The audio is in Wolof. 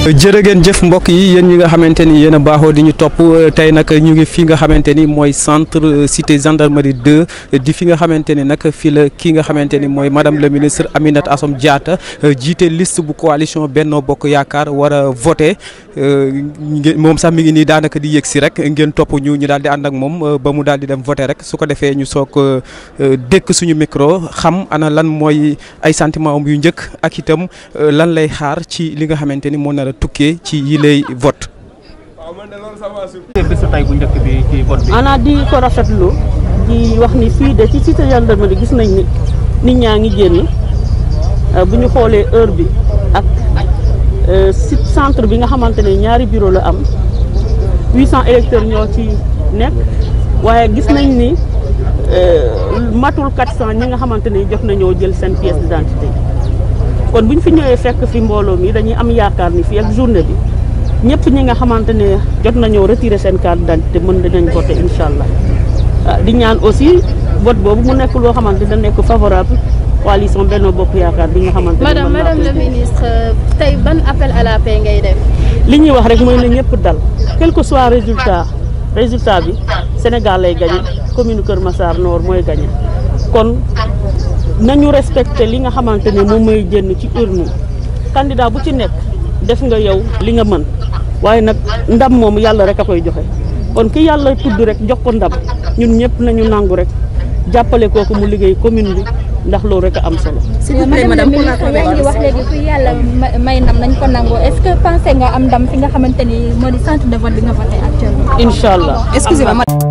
jërë jëf mbokk yi yéen ñi nga xamante ni yéen a baaxoo di ñu topp euh, tey nag ñu ngi fi nga xamante ni mooy centre euh, cité gendarmerie 2 di fi nga xamante ni nag fii la kii nga xamante ni mooy madame le ministre Aminata Assome Diatta euh, jiite liste bu coalition Benno Bokk Yaakaar war a voté moom sax mi ngi nii daanaka di yëg si rek ngeen topp ñu ñu daal di ànd ak moom ba mu daal di dem voté rek su ko defee ñu soog dëkk suñu micro xam ana lan mooy ay sentiment yu njëkk ak itam lan lay xaar ci li nga xamante ni moo nar a tukkee ci yilay vote. bisu tey bu njëkk bi ci vote bi. ana di ko rafetlu di wax ni fii de ci cité gendarmerie gis nañ ni nit ñaa ngi génn euh, bu ñu xoolee heure bi ak euh, si centre bi nga xamante ne ñaari bureau la am 800 électeurs ñoo ci nekk waaye gis nañ ni euh, matul 400 ñi nga xamante ne jot nañoo jël seen pièce d'identité. kon bu ñu fi ñëwee fekk fi mbooloo mi dañuy am yaakaar ni fii ak journée bi ñëpp ñi nga xamante ne jot nañoo retiré seen carte te mën dinañ voté incha allah ah, di ñaan aussi vote boobu mu nekk loo xamante da nekk favorable coalition Benno Bokk Yaakaar bi nga xamante ne. madame madame la ministre euh, tey ban appel à la ngay def. li ñuy wax rek mooy na ñëpp dal quel que soit résultat résultat bi Sénégal lay gagné commune Kër Massar Nord mooy gagné kon. nañu respecté li nga xamante ni moom mooy génn ci urne candidat bu ci nekk def nga yow li nga mën waaye nag ndam moom yàlla rek a koy joxe kon ki yàlla tudd rek jox ko ndam ñun ñëpp nañu nangu rek jàppale kooku mu liggéey commune bi ndax loolu rek a am solo. si vous plaît madame yaa ngi wax ko nangoo est-ce que pensé nga am ndam fi nga xamante ni moo di centre de vote bi nga voté actuellement. incha allah excusez-moi.